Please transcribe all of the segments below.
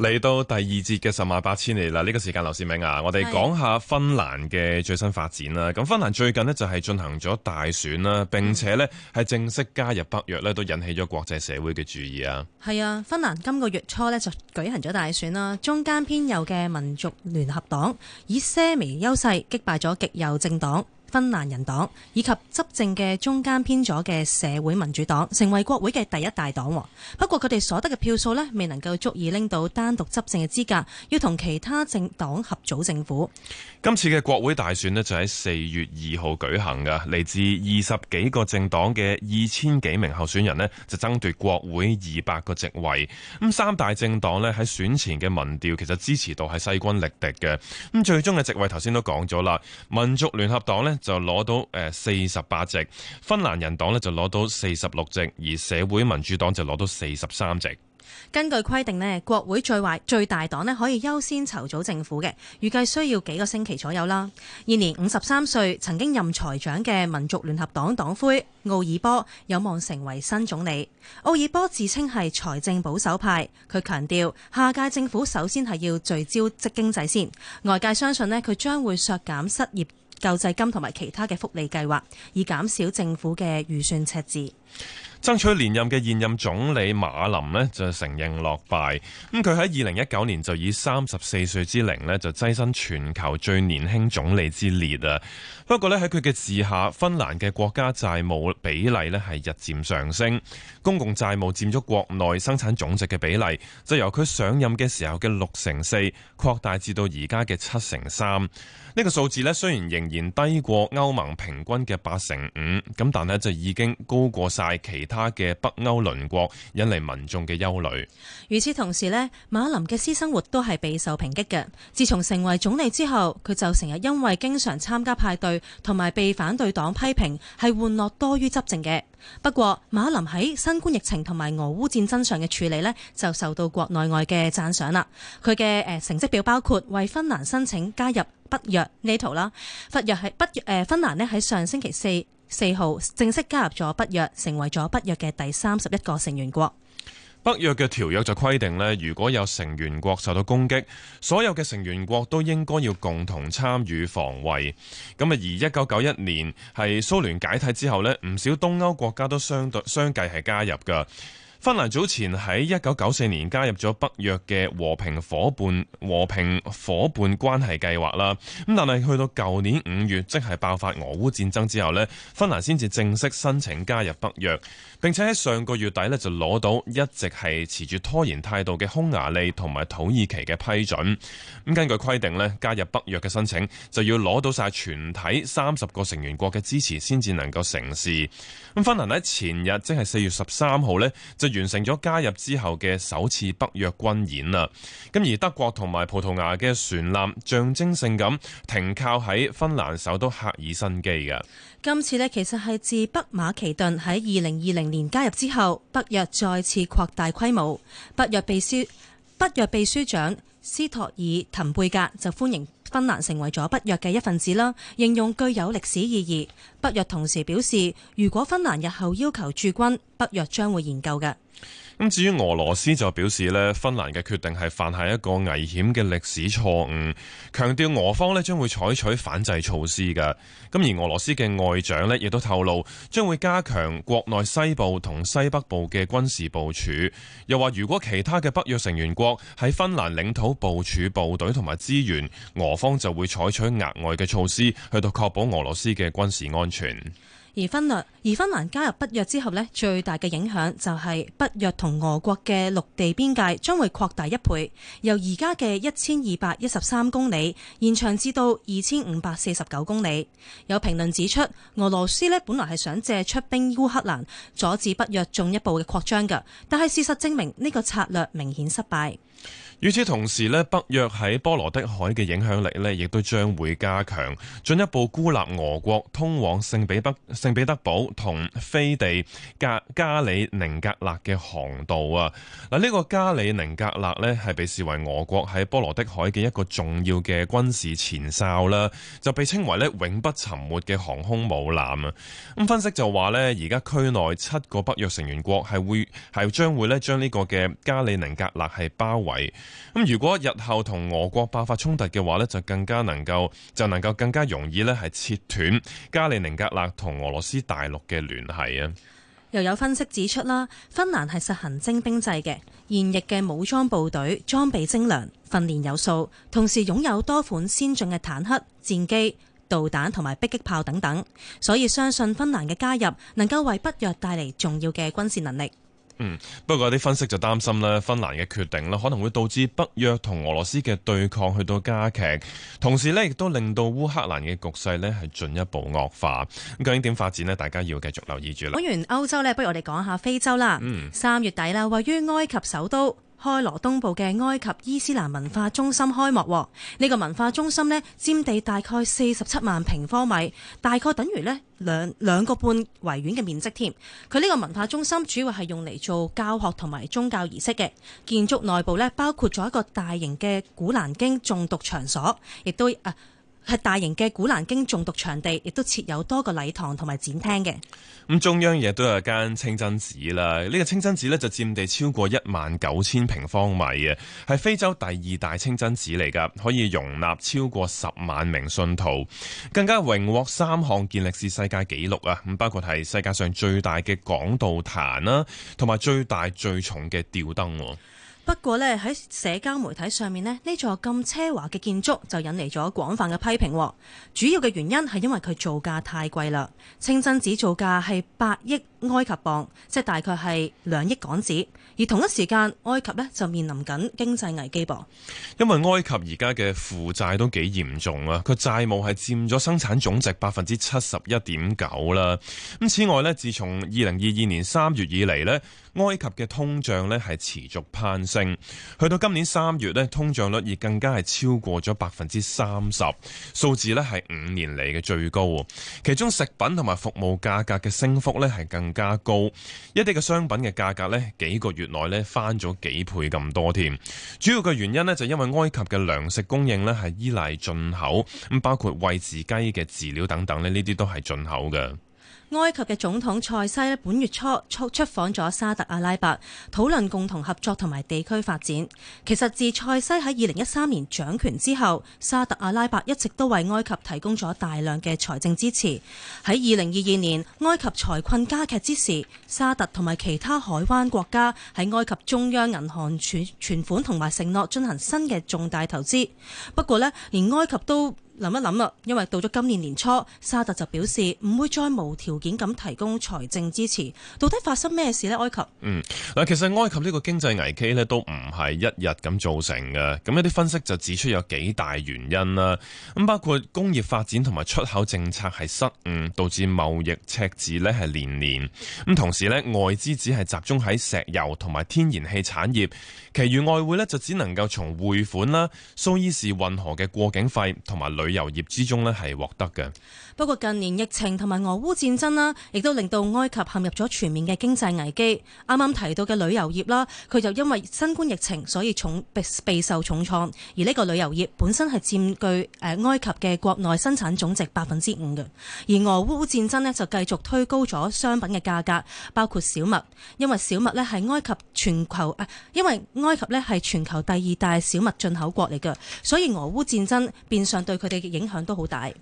嚟到第二節嘅十萬八千里啦！呢個時間，劉志明啊，我哋講下芬蘭嘅最新發展啦。咁芬蘭最近呢就係進行咗大選啦，並且呢係正式加入北約呢都引起咗國際社會嘅注意啊。係啊，芬蘭今個月初呢就舉行咗大選啦，中間偏右嘅民族聯合黨以些微優勢擊敗咗極右政黨芬蘭人黨以及執政嘅中間偏左嘅社會民主黨，成為國會嘅第一大黨。不過佢哋所得嘅票數咧，未能夠足以拎到單獨執政嘅資格，要同其他政黨合組政府。今次嘅國會大選咧，就喺四月二號舉行嘅。嚟自二十幾個政黨嘅二千幾名候選人咧，就爭奪國會二百個席位。咁三大政黨咧喺選前嘅民調，其實支持度係勢均力敵嘅。咁最終嘅席位，頭先都講咗啦，民族聯合黨就攞到四十八席，芬蘭人黨呢就攞到四十六席，而社會民主黨就攞到四十三席。根據規定呢，國會最壞最大黨呢可以優先籌組政府嘅，預計需要幾個星期左右啦。現年年五十三歲，曾經任財長嘅民族聯合黨黨魁奧爾波有望成為新總理。奧爾波自稱係財政保守派，佢強調下屆政府首先係要聚焦即經濟先。外界相信呢，佢將會削減失業救濟金同埋其他嘅福利計劃，以減少政府嘅預算赤字。爭取連任嘅現任總理馬林呢，就承認落敗。咁佢喺二零一九年就以三十四歲之齡呢，就躋身全球最年輕總理之列啊！不過呢喺佢嘅治下，芬蘭嘅國家債務比例咧係日漸上升，公共債務佔咗國內生產總值嘅比例就由佢上任嘅時候嘅六成四擴大至到而家嘅七成三。呢個數字呢，雖然仍然低過歐盟平均嘅八成五，咁但係就已經高過晒其他嘅北歐鄰國，引嚟民眾嘅憂慮。與此同時呢，馬林嘅私生活都係備受抨擊嘅。自從成為總理之後，佢就成日因為經常參加派對。同埋被反對黨批評係玩樂多於執政嘅。不過馬林喺新冠疫情同埋俄烏戰爭上嘅處理呢，就受到國內外嘅讚賞啦。佢嘅誒成績表包括為芬蘭申請加入北約呢圖啦。北約係北誒芬蘭呢，喺上星期四四號正式加入咗北約，成為咗北約嘅第三十一個成員國。北約嘅條約就規定呢，如果有成員國受到攻擊，所有嘅成員國都應該要共同參與防衛。咁啊，而一九九一年係蘇聯解體之後呢，唔少東歐國家都相對相繼係加入噶芬蘭早前喺一九九四年加入咗北約嘅和平伙伴和平夥伴關係計劃啦，咁但係去到舊年五月，即係爆發俄烏戰爭之後呢，芬蘭先至正式申請加入北約，並且喺上個月底呢，就攞到一直係持住拖延態度嘅匈牙利同埋土耳其嘅批准。咁根據規定咧，加入北約嘅申請就要攞到晒全體三十個成員國嘅支持先至能夠成事。咁芬蘭喺前日，即係四月十三號呢，就完成咗加入之後嘅首次北約軍演啦，咁而德國同埋葡萄牙嘅船艦象徵性咁停靠喺芬蘭首都赫爾辛基嘅。今次呢，其實係自北馬其頓喺二零二零年加入之後，北約再次擴大規模。北約秘書北約秘書長斯托爾滕貝格就歡迎。芬蘭成為咗北約嘅一份子啦，形容具有歷史意義。北約同時表示，如果芬蘭日後要求駐軍，北約將會研究嘅。咁至於俄羅斯就表示呢，芬蘭嘅決定係犯下一個危險嘅歷史錯誤，強調俄方呢將會採取反制措施㗎。咁而俄羅斯嘅外長呢，亦都透露，將會加強國內西部同西北部嘅軍事部署。又話如果其他嘅北約成員國喺芬蘭領土部署部隊同埋資源，俄方就會採取額外嘅措施，去到確保俄羅斯嘅軍事安全。而芬律，而芬蘭加入北約之後咧，最大嘅影響就係北約同俄國嘅陸地邊界將會擴大一倍，由而家嘅一千二百一十三公里延長至到二千五百四十九公里。有評論指出，俄羅斯咧本來係想借出兵烏克蘭，阻止北約進一步嘅擴張㗎，但係事實證明呢個策略明顯失敗。與此同時咧，北約喺波羅的海嘅影響力咧，亦都將會加強，進一步孤立俄國通往聖彼北聖彼得堡同飛地加加里寧格勒嘅航道啊！嗱，呢個加里寧格勒咧，係被視為俄國喺波羅的海嘅一個重要嘅軍事前哨啦，就被稱為咧永不沉沒嘅航空母艦啊！咁分析就話咧，而家區內七個北約成員國係會係將會咧將呢個嘅加里寧格勒係包圍。咁如果日後同俄國爆發衝突嘅話呢就更加能夠就能夠更加容易咧係切斷加里寧格勒同俄羅斯大陸嘅聯繫啊！又有分析指出啦，芬蘭係實行徵兵制嘅，現役嘅武裝部隊裝備精良、訓練有素，同時擁有多款先進嘅坦克、戰機、導彈同埋迫擊炮等等，所以相信芬蘭嘅加入能夠為北約帶嚟重要嘅軍事能力。嗯，不過有啲分析就擔心咧，芬蘭嘅決定咧，可能會導致北約同俄羅斯嘅對抗去到加劇，同時咧亦都令到烏克蘭嘅局勢咧係進一步惡化。咁究竟點發展呢？大家要繼續留意住啦。講完歐洲咧，不如我哋講下非洲啦。嗯，三月底啦，位於埃及首都。開羅東部嘅埃及伊斯蘭文化中心開幕，呢、這個文化中心呢，佔地大概四十七萬平方米，大概等於呢兩,兩個半維園嘅面積添。佢呢個文化中心主要係用嚟做教學同埋宗教儀式嘅，建築內部呢，包括咗一個大型嘅古蘭經誦讀場所，亦都啊。係大型嘅古蘭經誦讀場地，亦都設有多個禮堂同埋展廳嘅。咁中央亦都有一間清真寺啦。呢、呢個清真寺呢，就佔地超過一萬九千平方米嘅，係非洲第二大清真寺嚟噶，可以容納超過十萬名信徒。更加榮獲三項健力士世界紀錄啊！咁包括係世界上最大嘅講道壇啦，同埋最大最重嘅吊燈喎。不過呢，喺社交媒體上面呢，呢座咁奢華嘅建築就引嚟咗廣泛嘅批評。主要嘅原因係因為佢造價太貴啦，清真寺造價係八億埃及鎊，即係大概係兩億港紙。而同一時間，埃及呢就面臨緊經濟危機噃。因為埃及而家嘅負債都幾嚴重啊！佢債務係佔咗生產總值百分之七十一點九啦。咁此外呢，自從二零二二年三月以嚟呢，埃及嘅通脹咧係持續攀升，去到今年三月咧，通脹率亦更加係超過咗百分之三十，數字咧係五年嚟嘅最高。其中食品同埋服務價格嘅升幅咧係更加高，一啲嘅商品嘅價格咧幾個月內咧翻咗幾倍咁多添。主要嘅原因咧就是、因為埃及嘅糧食供應咧係依賴進口，咁包括餵飼雞嘅飼料等等咧，呢啲都係進口嘅。埃及嘅總統塞西本月初出訪咗沙特阿拉伯，討論共同合作同埋地區發展。其實自塞西喺二零一三年掌權之後，沙特阿拉伯一直都為埃及提供咗大量嘅財政支持。喺二零二二年埃及財困加劇之時，沙特同埋其他海灣國家喺埃及中央銀行存存款同埋承諾進行新嘅重大投資。不過呢，連埃及都。諗一諗啊，因為到咗今年年初，沙特就表示唔會再無條件咁提供財政支持。到底發生咩事呢？埃及嗯，嗱，其實埃及呢個經濟危機呢，都唔係一日咁造成嘅。咁一啲分析就指出有幾大原因啦。咁包括工業發展同埋出口政策係失誤，導致貿易赤字呢係年年。咁同時呢，外資只係集中喺石油同埋天然氣產業，其餘外匯呢，就只能夠從匯款啦、蘇伊士運河嘅過境費同埋旅。旅遊業之中咧，係獲得嘅。不過近年疫情同埋俄烏戰爭啦，亦都令到埃及陷入咗全面嘅經濟危機。啱啱提到嘅旅遊業啦，佢就因為新冠疫情，所以重備，備受重創。而呢個旅遊業本身係佔據誒埃及嘅國內生產總值百分之五嘅。而俄烏戰爭呢，就繼續推高咗商品嘅價格，包括小麥。因為小麥呢係埃及全球，因為埃及呢係全球第二大小麥進口國嚟嘅，所以俄烏戰爭變相對佢哋嘅影響都好大。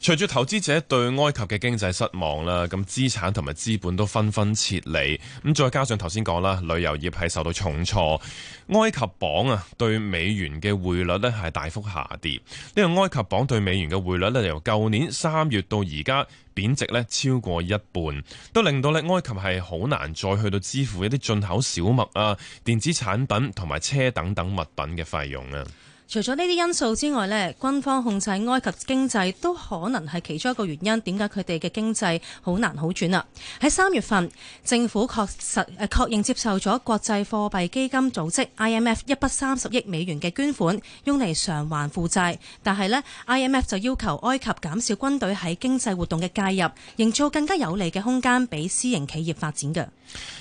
隨住投資者對埃及嘅經濟失望啦，咁資產同埋資本都紛紛撤離，咁再加上頭先講啦，旅遊業係受到重挫，埃及鎊啊對美元嘅匯率咧係大幅下跌，呢個埃及鎊對美元嘅匯率咧由舊年三月到而家貶值超過一半，都令到咧埃及係好難再去到支付一啲進口小麥啊、電子產品同埋車等等物品嘅費用啊。除咗呢啲因素之外呢，軍方控制埃及經濟都可能係其中一個原因，點解佢哋嘅經濟好難好轉啦？喺三月份，政府確實誒確認接受咗國際貨幣基金組織 IMF 一筆三十億美元嘅捐款，用嚟償還負債。但係呢 IMF 就要求埃及減少軍隊喺經濟活動嘅介入，營造更加有利嘅空間俾私營企業發展嘅。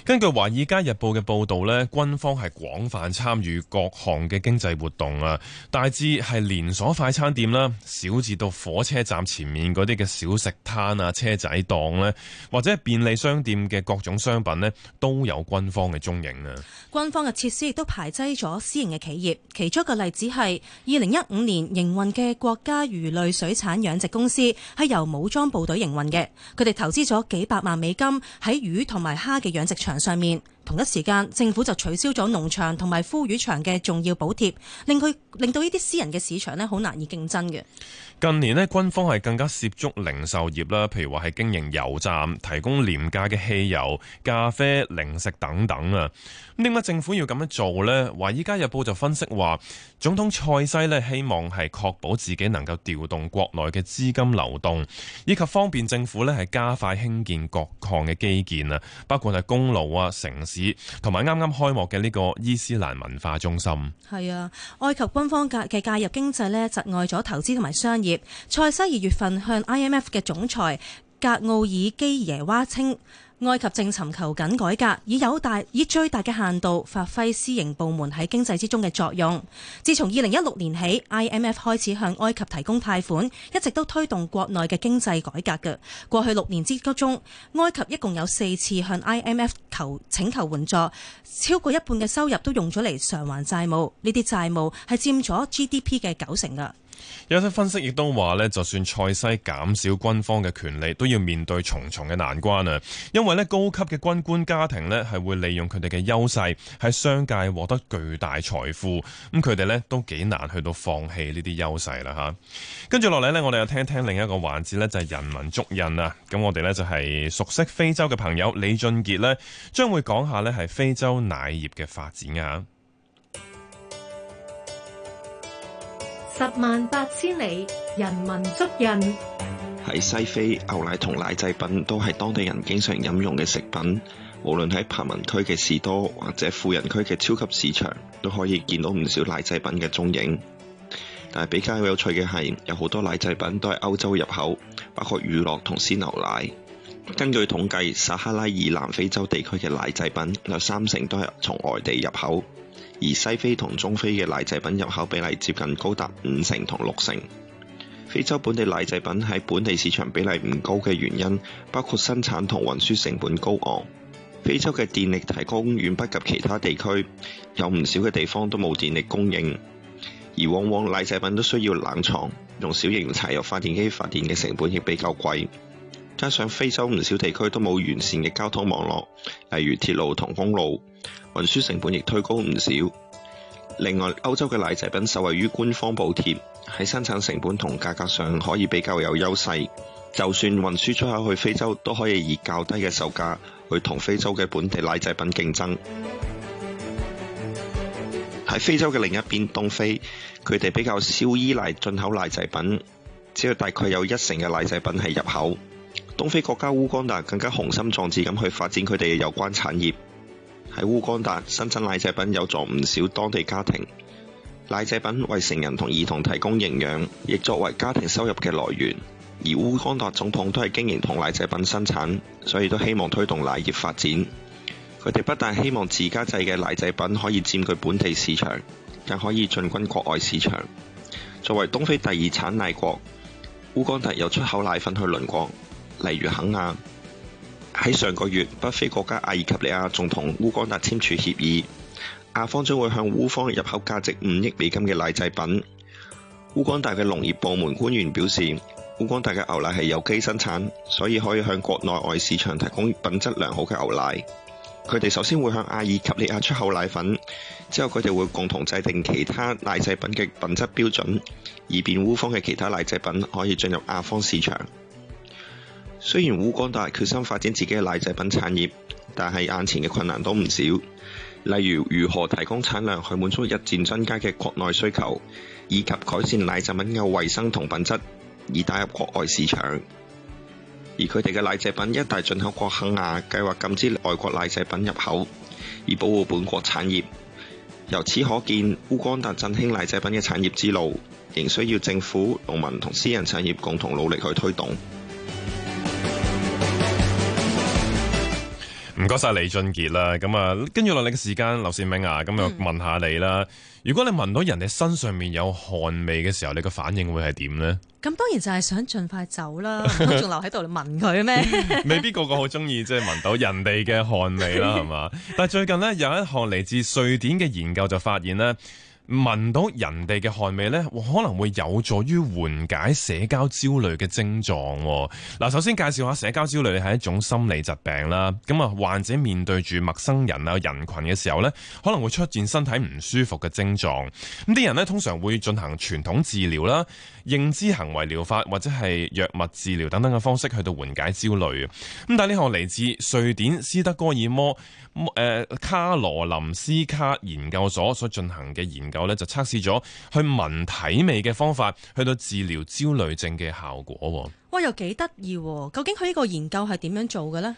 根據《華爾街日報》嘅報導呢，軍方係廣泛參與各行嘅經濟活動啊。大致係連鎖快餐店啦，小至到火車站前面嗰啲嘅小食攤啊、車仔檔呢，或者便利商店嘅各種商品呢，都有軍方嘅蹤影啊！軍方嘅設施亦都排擠咗私營嘅企業。其中一個例子係二零一五年營運嘅國家魚類水產養殖公司係由武裝部隊營運嘅，佢哋投資咗幾百萬美金喺魚同埋蝦嘅養殖場上面。同一時間，政府就取消咗農場同埋孵魚場嘅重要補貼，令佢令到呢啲私人嘅市場咧好難以競爭嘅。近年咧，軍方係更加涉足零售業啦，譬如話係經營油站，提供廉價嘅汽油、咖啡、零食等等啊。咁點解政府要咁樣做呢？《華爾街日報》就分析話，總統塞西希望係確保自己能夠調動國內嘅資金流動，以及方便政府咧係加快興建各項嘅基建啊，包括係公路啊、城市，同埋啱啱開幕嘅呢個伊斯蘭文化中心，係啊，埃及軍方介嘅介入經濟咧，窒礙咗投資同埋商業。塞西二月份向 IMF 嘅總裁格奧爾基耶娃稱。埃及正尋求緊改革，以有大以最大嘅限度發揮私營部門喺經濟之中嘅作用。自從二零一六年起，IMF 開始向埃及提供貸款，一直都推動國內嘅經濟改革嘅。過去六年之中，埃及一共有四次向 IMF 求請求援助，超過一半嘅收入都用咗嚟償還債務。呢啲債務係佔咗 GDP 嘅九成噶。有啲分析亦都話咧，就算塞西減少軍方嘅權力，都要面對重重嘅難關啊！因為咧，高級嘅軍官家庭呢係會利用佢哋嘅優勢喺商界獲得巨大財富，咁佢哋呢都幾難去到放棄呢啲優勢啦吓。跟住落嚟呢，我哋又聽聽另一個環節呢，就係人民足印啊！咁我哋呢就係熟悉非洲嘅朋友李俊杰呢，將會講下呢係非洲奶業嘅發展啊。十萬八千里，人文足印。喺西非，牛奶同奶製品都係當地人經常飲用嘅食品。無論喺貧民區嘅士多，或者富人區嘅超級市場，都可以見到唔少奶製品嘅蹤影。但係比較有趣嘅係，有好多奶製品都係歐洲入口，包括乳酪同鮮牛奶。根據統計，撒哈拉以南非洲地區嘅奶製品有三成都係從外地入口。而西非同中非嘅奶製品入口比例接近高達五成同六成。非洲本地奶製品喺本地市場比例唔高嘅原因，包括生產同運輸成本高昂。非洲嘅電力提供遠不及其他地區，有唔少嘅地方都冇電力供應，而往往奶製品都需要冷藏，用小型柴油發電機發電嘅成本亦比較貴，加上非洲唔少地區都冇完善嘅交通網絡，例如鐵路同公路。運輸成本亦推高唔少。另外，歐洲嘅奶製品受惠於官方補貼，喺生產成本同價格上可以比較有優勢。就算運輸出口去非洲，都可以以較低嘅售價去同非洲嘅本地奶製品競爭。喺非洲嘅另一邊東非，佢哋比較少依賴進口奶製品，只有大概有一成嘅奶製品係入口。東非國家烏干達更加雄心壯志咁去發展佢哋嘅有關產業。喺烏干達，生產奶製品有助唔少當地家庭。奶製品為成人同兒童提供營養，亦作為家庭收入嘅來源。而烏干達總統都係經營同奶製品生產，所以都希望推動奶業發展。佢哋不但希望自家製嘅奶製品可以佔據本地市場，更可以進軍國外市場。作為東非第二產奶國，烏干達有出口奶粉去鄰國，例如肯亞。喺上個月，北非國家阿爾及利亞仲同烏干達簽署協議，阿方將會向烏方入口價值五億美金嘅奶製品。烏干達嘅農業部門官員表示，烏干達嘅牛奶係有機生產，所以可以向國內外市場提供品質良好嘅牛奶。佢哋首先會向阿爾及利亞出口奶粉，之後佢哋會共同制定其他奶製品嘅品質標準，以便烏方嘅其他奶製品可以進入亞方市場。雖然烏干達決心發展自己嘅奶製品產業，但係眼前嘅困難都唔少，例如如何提供產量去滿足日漸增加嘅國內需求，以及改善奶製品嘅衛生同品質而打入國外市場。而佢哋嘅奶製品一大進口國肯亞計劃禁止外國奶製品入口，以保護本國產業。由此可見，烏干達振興奶製品嘅產業之路，仍需要政府、農民同私人產業共同努力去推動。唔該晒李俊杰啦，咁啊，跟住落嚟嘅時間，劉善明啊，咁啊問下你啦、嗯。如果你聞到人哋身上面有汗味嘅時候，你嘅反應會係點咧？咁當然就係想盡快走啦，仲 留喺度你聞佢咩？ 未必個個好中意即係聞到人哋嘅汗味啦，係 嘛？但係最近咧有一項嚟自瑞典嘅研究就發現呢。聞到人哋嘅汗味呢，可能會有助於緩解社交焦慮嘅症狀。嗱，首先介紹下社交焦慮係一種心理疾病啦。咁啊，患者面對住陌生人啊、人群嘅時候呢，可能會出現身體唔舒服嘅症狀。咁啲人呢，通常會進行傳統治療啦。認知行為療法或者係藥物治療等等嘅方式去到緩解焦慮。咁，但係呢項嚟自瑞典斯德哥爾摩、呃、卡羅林斯卡研究所所進行嘅研究就測試咗去聞體味嘅方法去到治療焦慮症嘅效果。我又幾得意，究竟佢呢個研究係點樣做嘅呢？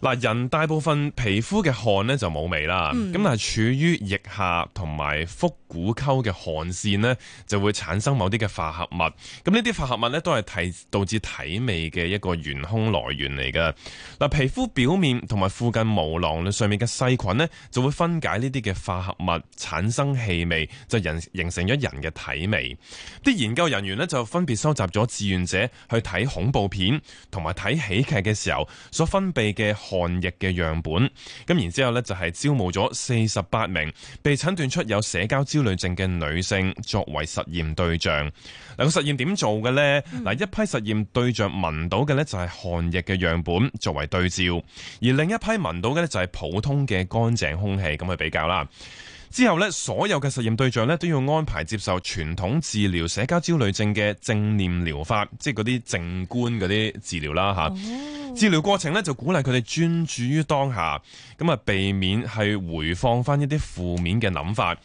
嗱，人大部分皮膚嘅汗呢就冇味啦，咁、嗯、但係處於腋下同埋腹股溝嘅汗腺呢，就會產生某啲嘅化合物，咁呢啲化合物呢，都係體導致體味嘅一個元兇來源嚟㗎。嗱，皮膚表面同埋附近毛囊上面嘅細菌呢，就會分解呢啲嘅化合物，產生氣味，就人形成咗人嘅體味。啲研究人員呢，就分別收集咗志願者去睇，恐怖片同埋睇喜劇嘅時候，所分泌嘅汗液嘅樣本，咁然之後呢就係招募咗四十八名被診斷出有社交焦慮症嘅女性作為實驗對象。嗱，個實驗點做嘅呢？嗱、嗯、一批實驗對象聞到嘅呢，就係汗液嘅樣本作為對照，而另一批聞到嘅呢，就係普通嘅乾淨空氣咁去比較啦。之後咧，所有嘅實驗對象咧都要安排接受傳統治療社交焦慮症嘅正念療法，即係嗰啲靜觀嗰啲治療啦吓。Oh. 治療過程咧就鼓勵佢哋專注於當下，咁啊避免係回放翻一啲負面嘅諗法。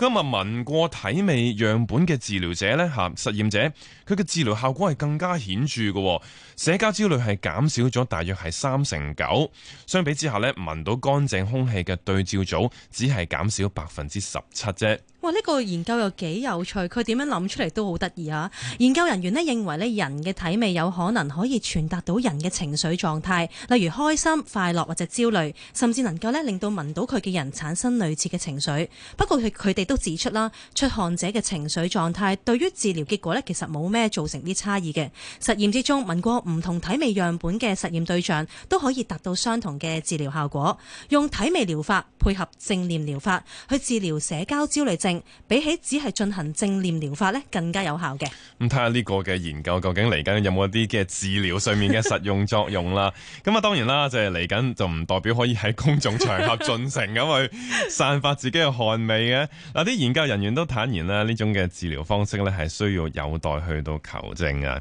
今日聞過體味樣本嘅治療者呢，吓，實驗者佢嘅治療效果係更加顯著嘅，社交焦慮係減少咗大約係三成九。相比之下呢，聞到乾淨空氣嘅對照組只係減少百分之十七啫。哇！呢個研究又幾有趣，佢點樣諗出嚟都好得意啊！研究人員咧認為咧人嘅體味有可能可以傳達到人嘅情緒狀態，例如開心、快樂或者焦慮，甚至能夠咧令到聞到佢嘅人產生類似嘅情緒。不過佢佢哋都指出啦，出汗者嘅情緒狀態對於治療結果咧其實冇咩造成啲差異嘅。實驗之中，聞過唔同體味樣本嘅實驗對象都可以達到相同嘅治療效果。用體味療法配合正念療法去治療社交焦慮症，比起只係進行正念療法咧，更加有效嘅。咁睇下呢個嘅研究究竟嚟緊有冇一啲嘅治療上面嘅實用作用啦。咁啊，當然啦，就係嚟緊就唔代表可以喺公眾場合進行咁去散發自己嘅汗味嘅。嗱，啲研究人員都坦言啦，呢種嘅治療方式咧係需要有待去到求證啊。